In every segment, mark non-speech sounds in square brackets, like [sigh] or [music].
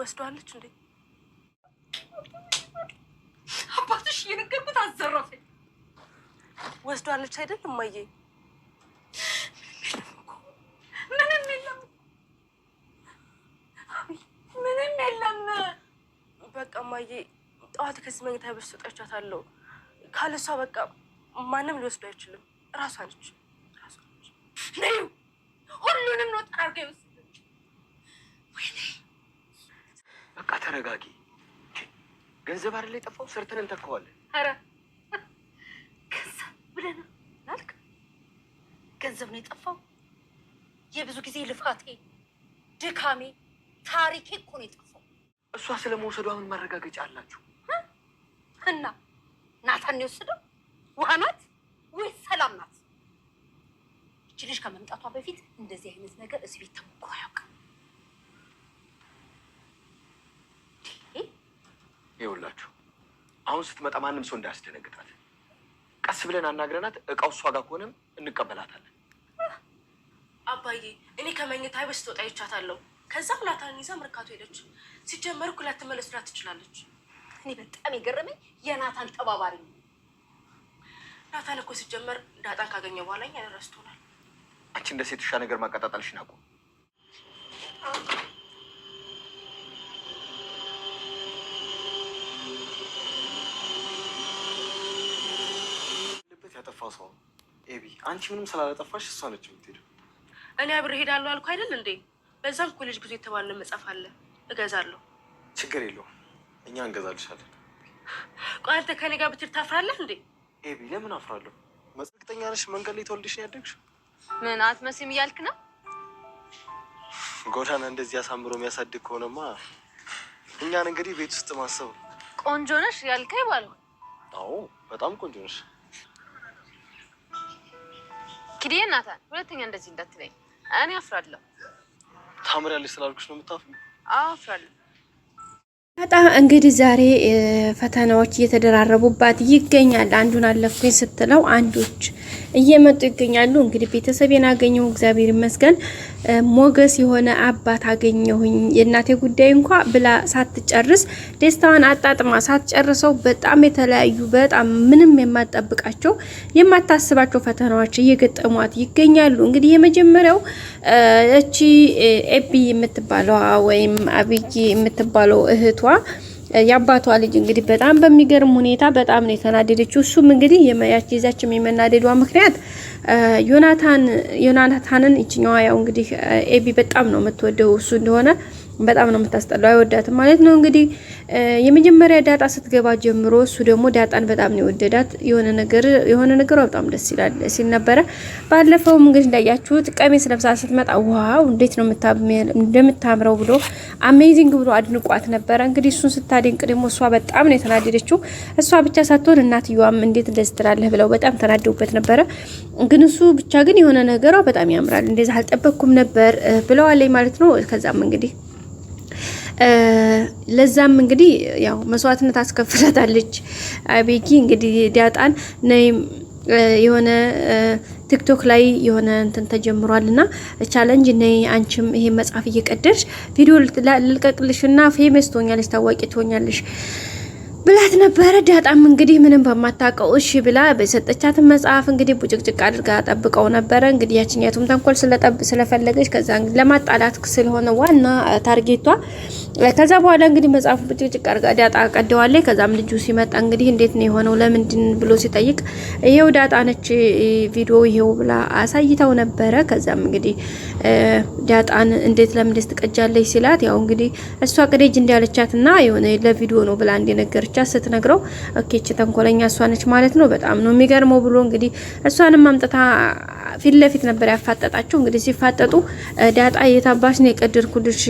ወስደዋለች እንዴ? አባትሽ እየነገርኩት አዘረፈኝ። ወስደዋለች አይደል እማዬ? ምንም የለም፣ ምንም የለም። በቃ እማዬ፣ ጠዋት ከዚህ መኝታ ቤት ስወጣቻታለሁ። ካለሷ በቃ ማንም ሊወስዱ አይችልም። እራሷ ነች፣ እራሷ ሁሉንም ነው ጠራርጋ ይወስደች። ወይኔ በቃ ተረጋጊ። ገንዘብ አይደለ የጠፋው? ሰርተን እንተካዋለን። ኧረ ገንዘብ ብለን ነው ላልክ፣ ገንዘብ ነው የጠፋው? የብዙ ጊዜ ልፋቴ፣ ድካሜ፣ ታሪኬ እኮ ነው የጠፋው። እሷ ስለ መውሰዷ ምን ማረጋገጫ አላችሁ? እና ናታን የወሰደው ውሃ ናት ወይስ ሰላም ናት? እች ልጅ ከመምጣቷ በፊት እንደዚህ አይነት ነገር እዚህ ቤት ተሞክሮ አያውቅም። አሁን ስትመጣ ማንም ሰው እንዳያስደነግጣት ቀስ ብለን አናግረናት፣ እቃው እሷ ጋር ከሆነም እንቀበላታለን። አባዬ እኔ ከመኝታ በስተወጣ ይቻታለሁ። ከዛም ሁላታን ይዛ መርካቶ ሄደች። ሲጀመር ሁላት መለስ ላት ትችላለች። እኔ በጣም የገረመኝ የናታን ተባባሪ ነው። ናታን እኮ ሲጀመር ዳጣን ካገኘ በኋላ እኛን ረስቶናል። አንቺ እንደ ነገር ማቀጣጠልሽ ናቁ ያጠፋ ሰው ኤቢ፣ አንቺ ምንም ስላላጠፋሽ እሷ ነች የምትሄደው። እኔ አብሬ እሄዳለሁ አልኩ አይደል እንዴ? በዛም ኮሌጅ ብዙ የተባለ መጽሐፍ አለ እገዛለሁ። ችግር የለውም እኛ እንገዛልሻለን። ቆይ አንተ ከኔ ጋር ብትሄድ ታፍራለህ እንዴ? ኤቢ፣ ለምን አፍራለሁ? መጽቅጠኛ ነሽ። መንገድ ላይ ተወልደሽ ነው ያደግሽ። ምን አትመስም እያልክ ነው? ጎዳና እንደዚህ አሳምሮ የሚያሳድግ ከሆነማ እኛን እንግዲህ ቤት ውስጥ ማሰብ። ቆንጆ ነሽ ያልከ ባልሆን። አዎ በጣም ቆንጆ ነሽ። ኪዴ ናታን፣ ሁለተኛ እንደዚህ እንዳትለኝ። እኔ አፍራለሁ። ታምሪያለሽ ስላልኩሽ ነው የምታፍሪው? አፍራለሁ። አጣ እንግዲህ ዛሬ ፈተናዎች እየተደራረቡባት ይገኛል። አንዱን አለፍኩኝ ስትለው አንዶች እየመጡ ይገኛሉ። እንግዲህ ቤተሰብ የናገኘው እግዚአብሔር ይመስገን። ሞገስ የሆነ አባት አገኘሁኝ የእናቴ ጉዳይ እንኳ ብላ ሳትጨርስ ደስታዋን አጣጥማ ሳትጨርሰው በጣም የተለያዩ በጣም ምንም የማጠብቃቸው የማታስባቸው ፈተናዎች እየገጠሟት ይገኛሉ። እንግዲህ የመጀመሪያው እቺ ኤቢ የምትባለዋ ወይም አብይ የምትባለው እህቷ የአባቷ ልጅ እንግዲህ በጣም በሚገርም ሁኔታ በጣም ነው የተናደደችው። እሱም እንግዲህ የመያች ይዛች የመናደዷ ምክንያት ዮናታን ዮናታንን እችኛዋ ያው እንግዲህ ኤቢ በጣም ነው የምትወደው እሱ እንደሆነ በጣም ነው የምታስጠላው። አይወዳትም ማለት ነው እንግዲህ የመጀመሪያ ዳጣ ስትገባ ጀምሮ እሱ ደግሞ ዳጣን በጣም ነው የወደዳት። የሆነ ነገር የሆነ ነገሯ በጣም ደስ ይላል ሲል ነበረ። ባለፈውም እንግዲህ እንዳያችሁት ቀሚስ ለብሳ ስትመጣ ዋው እንዴት ነው እንደምታምረው ብሎ አሜዚንግ ብሎ አድንቋት ነበረ። እንግዲህ እሱን ስታደንቅ ደግሞ እሷ በጣም ነው የተናደደችው። እሷ ብቻ ሳትሆን እናትየዋም እንዴት እንደዚህ ትላለህ ብለው በጣም ተናደውበት ነበረ። ግን እሱ ብቻ ግን የሆነ ነገሯ በጣም ያምራል፣ እንደዚህ አልጠበቅኩም ነበር ብለዋለኝ ማለት ነው። ከዛም እንግዲህ ለዛም እንግዲህ ያው መስዋዕትነት አስከፍላታለች። አቤኪ እንግዲህ ዲያጣን ነይ የሆነ ቲክቶክ ላይ የሆነ እንትን ተጀምሯል እና ቻለንጅ ነይ አንቺም ይሄ መጽሐፍ እየቀደድሽ ቪዲዮ ልቀቅልሽ እና ፌመስ ትሆኛለሽ፣ ታዋቂ ትሆኛለሽ ብላት ነበረ። ዳጣም እንግዲህ ምንም በማታውቀው እሺ ብላ በሰጠቻትን መጽሐፍ እንግዲህ ቡጭቅጭቅ አድርጋ ጠብቀው ነበረ። እንግዲህ ያችኛቱም ተንኮል ስለጠብ ስለፈለገች ከዛ ለማጣላት ስለሆነ ዋና ታርጌቷ ከዛ በኋላ እንግዲህ መጽሐፉ ብጭቅጭቅ አርጋ ዳጣ ቀደዋለች። ከዛም ልጁ ሲመጣ እንግዲህ እንዴት ነው የሆነው ለምንድን ብሎ ሲጠይቅ ይሄው ዳጣ ነች ቪዲዮ ይሄው ብላ አሳይተው ነበረ። ከዛም እንግዲህ ዳጣን እንዴት ለምንድን ስትቀጃለች ሲላት ያው እንግዲህ እሷ ቅደጅ እንዳለቻትና የሆነ ለቪዲዮ ነው ብላ እንደነገረቻት ስትነግረው ኦኬ እቺ ተንኮለኛ እሷ ነች ማለት ነው በጣም ነው የሚገርመው ብሎ እንግዲህ እሷንም አምጥታ ፊት ለፊት ነበር ያፋጠጣቸው። እንግዲህ ሲፋጠጡ ዳጣ የታባሽ ነው የቀደድኩልሽ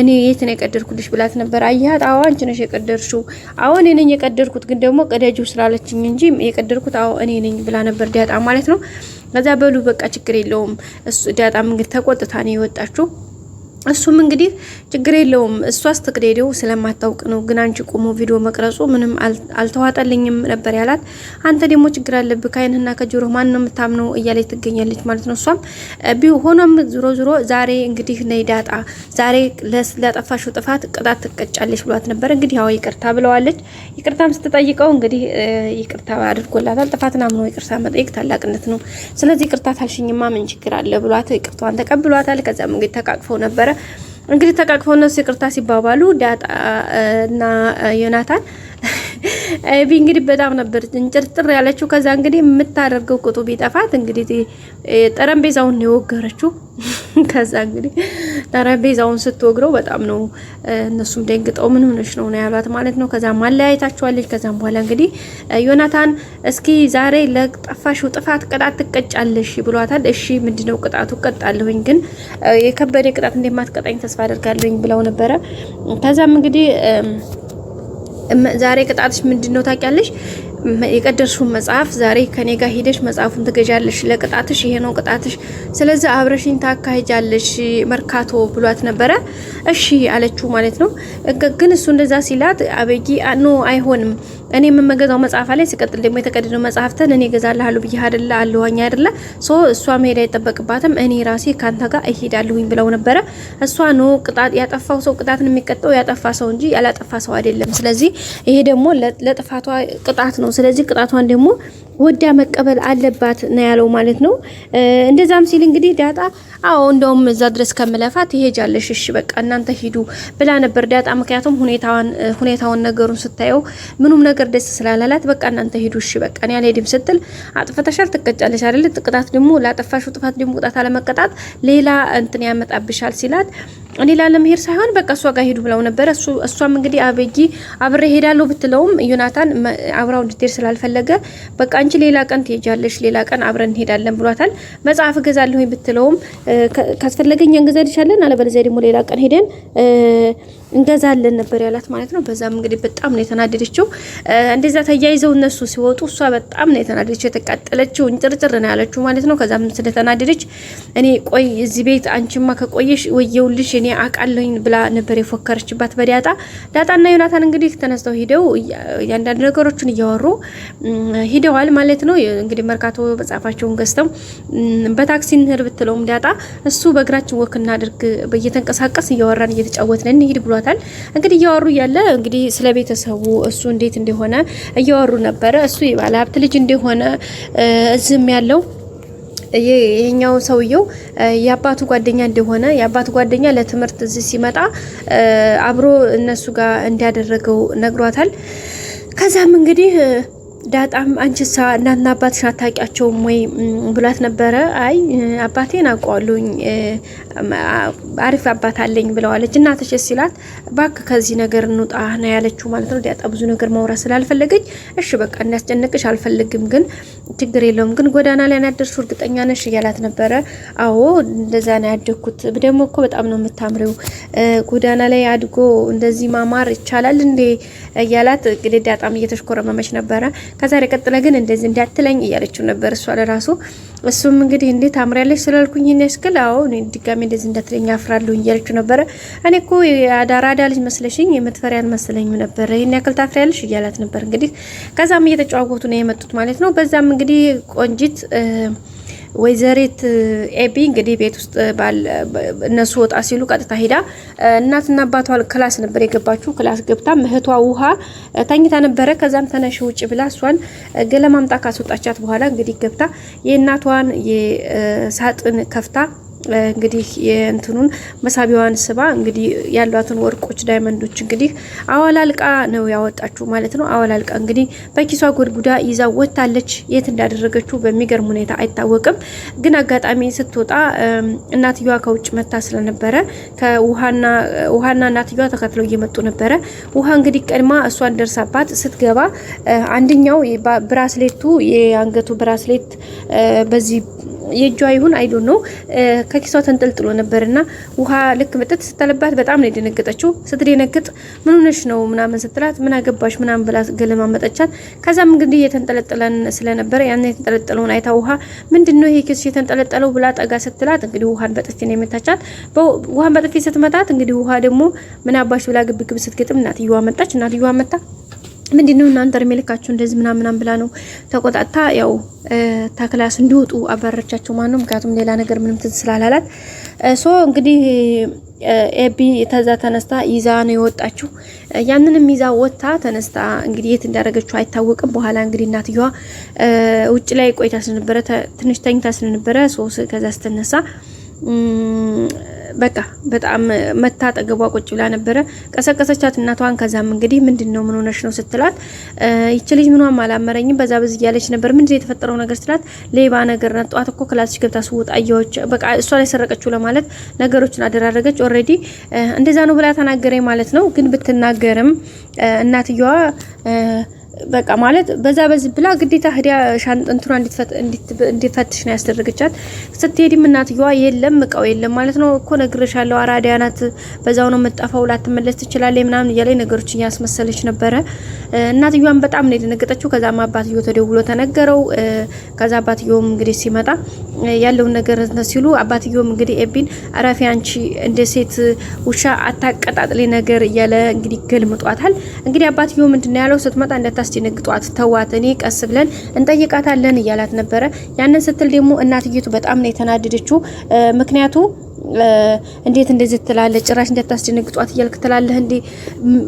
እኔ የት ነው የቀደድኩ ቀደድኩልሽ ብላት ነበር። አያት አዎ አንቺ ነሽ የቀደድሽው። አዎ እኔ ነኝ የቀደድኩት፣ ግን ደግሞ ቀደጂው ስላለችኝ እንጂ የቀደርኩት አዎ እኔ ነኝ ብላ ነበር ዳጣ ማለት ነው። ከዛ በሉ በቃ ችግር የለውም እሱ ዳጣም እንግዲህ ተቆጥታ ነው የወጣችው። እሱም እንግዲህ ችግር የለውም እሷ አስተቅደደው ስለማታውቅ ነው። ግን አንቺ ቆሞ ቪዲዮ መቅረጹ ምንም አልተዋጠልኝም ነበር ያላት። አንተ ደግሞ ችግር አለብህ ከአይንህና ከጆሮ ማን ነው የምታምነው እያለች ትገኛለች ማለት ነው። እሷም ሆኖም ዝሮ ዝሮ ዛሬ እንግዲህ ነይ ዳጣ ዛሬ ላጠፋሽው ጥፋት ቅጣት ትቀጫለች ብሏት ነበር። እንግዲህ ያው ይቅርታ ብለዋለች። ይቅርታም ስትጠይቀው እንግዲህ ይቅርታ አድርጎላታል። ጥፋትን አምኖ ይቅርታ መጠየቅ ታላቅነት ነው። ስለዚህ ይቅርታ ታልሽኝማ ምን ችግር አለ ብሏት ይቅርቷን ተቀብሏታል። ከዛም እንግዲህ ተቃቅፈው ነበረ እንግዲህ ተቃቅፈው እነሱ ይቅርታ ሲባባሉ ዳጣ እና ዮናታን ኤቢ እንግዲህ በጣም ነበር እንጭርጥር ያለችው። ከዛ እንግዲህ የምታደርገው ቁጡ ቢጠፋት እንግዲህ ጠረጴዛውን ነው የወገረችው። [laughs] ከዛ እንግዲህ ጠረጴዛውን ስትወግረው በጣም ነው እነሱም ደንግጠው ምን ሆነሽ ነው ነው ያሏት ማለት ነው። ከዛ ማለያየታቸዋለች። ከዛም በኋላ እንግዲህ ዮናታን እስኪ ዛሬ ለጠፋሽው ጥፋት ቅጣት ትቀጫለሽ ብሏታል። እሺ ምንድነው ቅጣቱ? ቀጣለሁኝ ግን የከበደ ቅጣት እንደማትቀጣኝ ተስፋ አደርጋለሁኝ ብለው ነበረ። ከዛም እንግዲህ ዛሬ ቅጣትሽ ምንድን ነው ታውቂያለሽ? የቀደርሽውን መጽሐፍ ዛሬ ከኔ ጋር ሄደሽ መጽሐፉን ትገዣለሽ፣ ለቅጣትሽ ይሄ ነው ቅጣትሽ፣ ስለዚህ አብረሽኝ ታካሄጃለሽ መርካቶ ብሏት ነበረ። እሺ አለችው ማለት ነው። ግን እሱ እንደዛ ሲላት አበጊ ኖ አይሆንም፣ እኔ የምመገዛው መጽሐፍ ላይ ሲቀጥል ደግሞ የተቀደደው መጽሐፍተን እኔ ገዛልሃለሁ ብዬ አደለ አለዋኝ አደለ ሶ እሷ መሄድ አይጠበቅባትም፣ እኔ ራሴ ከአንተ ጋር እሄዳለሁኝ ብለው ነበረ። እሷ ኖ ቅጣት ያጠፋው ሰው ቅጣትን የሚቀጠው ያጠፋ ሰው እንጂ ያላጠፋ ሰው አይደለም። ስለዚህ ይሄ ደግሞ ለጥፋቷ ቅጣት ነው ስለዚህ ቅጣቷን ደግሞ ወዳ መቀበል አለባት ነው ያለው ማለት ነው። እንደዛም ሲል እንግዲህ ዳጣ አዎ እንደውም እዛ ድረስ ከምለፋ ትሄጃለሽ፣ እሺ በቃ እናንተ ሂዱ ብላ ነበር ዳጣ። ምክንያቱም ሁኔታውን ሁኔታውን ነገሩን ስታየው ምኑም ነገር ደስ ስላላላት በቃ እናንተ ሂዱ፣ እሺ በቃ እኔ አልሄድም ስትል አጥፍተሻል፣ ትቀጫለሽ አይደል? ጥቅጣት ደግሞ ላጠፋሽው ጥፋት ደግሞ ቅጣት አለመቀጣት ሌላ እንትን ያመጣብሻል ሲላት እኔ ላለመሄድ ሳይሆን በቃ እሷ ጋር ሄዱ ብለው ነበረ። እሷም እንግዲህ አበጊ አብሬ ሄዳለሁ ብትለውም ዩናታን አብራው እንድትሄድ ስላልፈለገ በቃ አንቺ ሌላ ቀን ትሄጃለሽ፣ ሌላ ቀን አብረን እንሄዳለን ብሏታል። መጽሐፍ እገዛለሁኝ ብትለውም ካስፈለገኝ እንገዛልሻለን፣ አለበለዚያ ደግሞ ሌላ ቀን ሄደን እንገዛለን ነበር ያላት ማለት ነው። በዛም እንግዲህ በጣም ነው የተናደደችው። እንደዛ ተያይዘው እነሱ ሲወጡ እሷ በጣም ነው የተናደደችው፣ የተቃጠለችው እንጭርጭር ነው ያለችው ማለት ነው። ከዛም ስለተናደደች እኔ ቆይ እዚህ ቤት አንቺማ ከቆየሽ ወየውልሽ እኔ አውቃለሁኝ ብላ ነበር የፎከረችባት በዳጣ። ዳጣና ዮናታን እንግዲህ ተነስተው ሂደው ያንዳንድ ነገሮችን እያወሩ ሂደዋል ማለት ነው። እንግዲህ መርካቶ መጽሐፋቸውን ገዝተው በታክሲ እንሂድ ብትለውም ዳጣ እሱ በእግራችን ወክ እናድርግ፣ እየተንቀሳቀስ እያወራን እየተጫወትን እንሂድ ብሏል። ብሏታል። እንግዲህ እያወሩ እያለ እንግዲህ ስለ ቤተሰቡ እሱ እንዴት እንደሆነ እያወሩ ነበረ። እሱ የባለ ሀብት ልጅ እንደሆነ እዝም ያለው ይሄኛው ሰውየው የአባቱ ጓደኛ እንደሆነ የአባቱ ጓደኛ ለትምህርት እዚህ ሲመጣ አብሮ እነሱ ጋር እንዲያደረገው ነግሯታል። ከዛም እንግዲህ ዳጣም ሳ እናትና አባትሽ አታውቂያቸውም ወይ ብሏት ነበረ። አይ አባቴን አውቀዋለሁኝ አሪፍ አባት አለኝ ብለዋለች። እናትሽ ሲላት ባክ ከዚህ ነገር እንውጣ ነው ያለችው ማለት ነው። ዳጣ ብዙ ነገር ማውራት ስላልፈለገች እሺ በቃ እንዲያስጨንቅሽ አልፈልግም፣ ግን ችግር የለውም ግን ጎዳና ላይ ያደርሱ እርግጠኛ ነሽ እያላት ነበረ። አዎ እንደዛ ነው ያደግኩት። ደግሞ እኮ በጣም ነው የምታምሪው። ጎዳና ላይ አድጎ እንደዚህ ማማር ይቻላል እንዴ እያላት ዳጣም እየተሽኮረመመች ነበረ። ከዛሬ ቀጥለ ግን እንደዚህ እንዳትለኝ እያለችው ነበር እሷ ለራሱ። እሱም እንግዲህ እንዴት አምሪያለች ስላልኩኝ ይህን ያስክል አዎ ድጋሚ እንደዚህ እንዳትለኝ አፍራለሁ እያለችው ነበረ። እኔ እኮ አራዳ ልጅ መስለሽኝ የምትፈሪ አልመሰለኝም ነበረ ይህን ያክል ታፍሪያለሽ እያላት ነበር እንግዲህ። ከዛም እየተጨዋወቱ ነው የመጡት ማለት ነው። በዛም እንግዲህ ቆንጂት ወይዘሪት ኤቢ እንግዲህ ቤት ውስጥ እነሱ ወጣ ሲሉ ቀጥታ ሄዳ እናትና አባቷ ክላስ ነበር የገባችው። ክላስ ገብታ እህቷ ውሃ ተኝታ ነበረ። ከዛም ተነሽ ውጭ ብላ እሷን ገለማምጣ ካስወጣቻት በኋላ እንግዲህ ገብታ የእናቷን የሳጥን ከፍታ እንግዲህ የእንትኑን መሳቢያዋን ስባ እንግዲህ ያሏትን ወርቆች ዳይመንዶች እንግዲህ አወላልቃ ነው ያወጣችሁ ማለት ነው። አወላልቃ እንግዲህ በኪሷ ጎድጉዳ ይዛ ወጥታለች። የት እንዳደረገችው በሚገርም ሁኔታ አይታወቅም። ግን አጋጣሚ ስትወጣ እናትየዋ ከውጭ መታ ስለነበረ ከውሃና ውሃና እናትየዋ ተከትለው እየመጡ ነበረ። ውሃ እንግዲህ ቀድማ እሷን ደርሳባት ስትገባ አንደኛው ብራስሌቱ የአንገቱ ብራስሌት በዚህ የእጇ ይሁን አይዶ ነው ከኪሷ ተንጠልጥሎ ነበርና ውሃ ልክ መጠጥ ስታለባት በጣም ነው የደነገጠችው። ስትደነግጥ ምን ሆነሽ ነው ምናምን ስትላት ምን አገባሽ ምናምን ብላ ገለማመጠቻት። ከዛም እንግዲህ የተንጠለጠለን ስለነበረ ያን የተንጠለጠለውን አይታ ውሃ ምንድን ነው ይሄ ኪስሽ የተንጠለጠለው ብላ ጠጋ ስትላት እንግዲህ ውሃን በጥፊ ነው የመታቻት። ውሃን በጥፊ ስትመታት እንግዲህ ውሃ ደግሞ ምን አባሽ ብላ ግብግብ ስትገጥም እናትየዋ መጣች። እናትየዋ መታ ምንድን ነው እናንተ እድሜ ልካችሁ እንደዚህ ምናምናም ብላ ነው ተቆጣታ። ያው ተክላስ እንዲወጡ አባረቻቸው ማለት ነው። ምክንያቱም ሌላ ነገር ምንም ትዝ ስላላላት ሶ እንግዲህ ኤቢ ተዛ ተነስታ ይዛ ነው የወጣችው። ያንንም ይዛ ወጥታ ተነስታ እንግዲህ የት እንዳደረገችው አይታወቅም። በኋላ እንግዲህ እናትየዋ ውጭ ላይ ቆይታ ስለነበረ ትንሽ ተኝታ ስለነበረ ሶ ከዛ ስትነሳ በቃ በጣም መታ አጠገቧ ቁጭ ብላ ነበረ። ቀሰቀሰቻት እናቷን። ከዛም እንግዲህ ምንድን ነው ምን ሆነሽ ነው ስትላት ይቺ ልጅ ምኗም አላመረኝም በዛ በዚህ እያለች ነበር። ምንድን የተፈጠረው ነገር ስትላት ሌባ ነገር ናት። ጠዋት እኮ ክላስሽ ገብታ ስውጣ አየዎች በቃ እሷ ላይ ሰረቀችው ለማለት ነገሮችን አደራረገች። ኦልሬዲ እንደዛ ነው ብላ ተናገረኝ ማለት ነው። ግን ብትናገርም እናትየዋ በቃ ማለት በዛ በዚህ ብላ ግዴታ ህዲያ ሻንጥ እንትኗ እንዲፈትሽ ነው ያስደረገቻት። ስትሄድም እናትየዋ የለም እቃው የለም ማለት ነው እኮ ነግሬሻለሁ፣ አራዳ ናት፣ በዛው ነው መጣፋው፣ ላትመለስ ትችላለች ምናምን እያለች ነገሮች እያስመሰለች ነበረ። እናትየዋን በጣም ነው የደነገጠችው። ከዛም አባትዮ ተደውሎ ተነገረው። ከዛ አባትዮም እንግዲህ ሲመጣ ያለውን ነገር ሲሉ አባትየውም እንግዲህ ኤቢን አራፊ አንቺ እንደ ሴት ውሻ አታቀጣጥሌ ነገር እያለ እንግዲህ ገልምጧታል። እንግዲህ አባትየው ምንድን ያለው ስትመጣ እንዳታስደነግጧት ተዋት፣ እኔ ቀስ ብለን እንጠይቃታለን እያላት ነበረ። ያንን ስትል ደግሞ እናትየቱ በጣም ነው የተናደደችው። ምክንያቱ እንዴት እንደዚህ ትላለህ? ጭራሽ እንዳታስደነግጧት እያልክ ትላለህ እንዴ?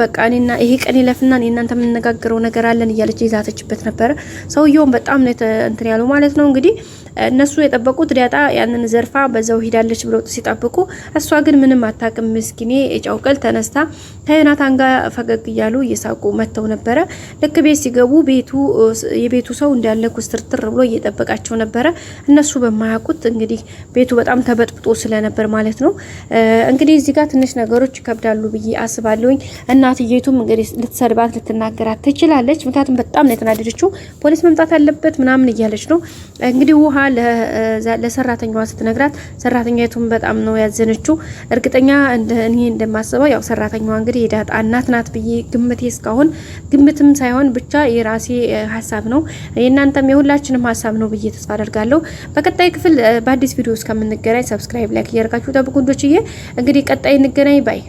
በቃ እኔና ይሄ ቀን ይለፍና እኔ እናንተ የምንነጋገረው ነገር አለን እያለች ይዛተችበት ነበረ። ሰውየውም በጣም ነው እንትን ያለው ማለት ነው እንግዲህ እነሱ የጠበቁት ዳጣ ያንን ዘርፋ በዛው ሂዳለች ብለው ሲጠብቁ፣ እሷ ግን ምንም አታውቅም ምስኪኔ ጨውቀል ተነስታ ከናታን ጋር ፈገግ እያሉ እየሳቁ መጥተው ነበረ። ልክ ቤት ሲገቡ ቤቱ የቤቱ ሰው እንዳለ ኩስትርትር ብሎ እየጠበቃቸው ነበረ። እነሱ በማያውቁት እንግዲህ ቤቱ በጣም ተበጥብጦ ስለነበር ማለት ነው። እንግዲህ እዚህ ጋር ትንሽ ነገሮች ይከብዳሉ ብዬ አስባለሁኝ። እናትዬቱም እንግዲህ ልትሰድባት ልትናገራት ትችላለች። ምክንያቱም በጣም ነው የተናደደችው። ፖሊስ መምጣት አለበት ምናምን እያለች ነው እንግዲህ ውሃ ለሰራተኛዋ ስትነግራት ሰራተኛይቱም በጣም ነው ያዘነችው። እርግጠኛ እኔ እንደማስበው ያው ሰራተኛዋ እንግዲህ የዳጣ እናት ናት ብዬ ግምቴ እስካሁን ግምትም ሳይሆን ብቻ የራሴ ሀሳብ ነው የእናንተም የሁላችንም ሀሳብ ነው ብዬ ተስፋ አደርጋለሁ። በቀጣይ ክፍል በአዲስ ቪዲዮ እስከምንገናኝ ሰብስክራይብ፣ ላይክ እያደርጋችሁ ጠብቁ። እንዶችዬ እንግዲህ ቀጣይ እንገናኝ ባይ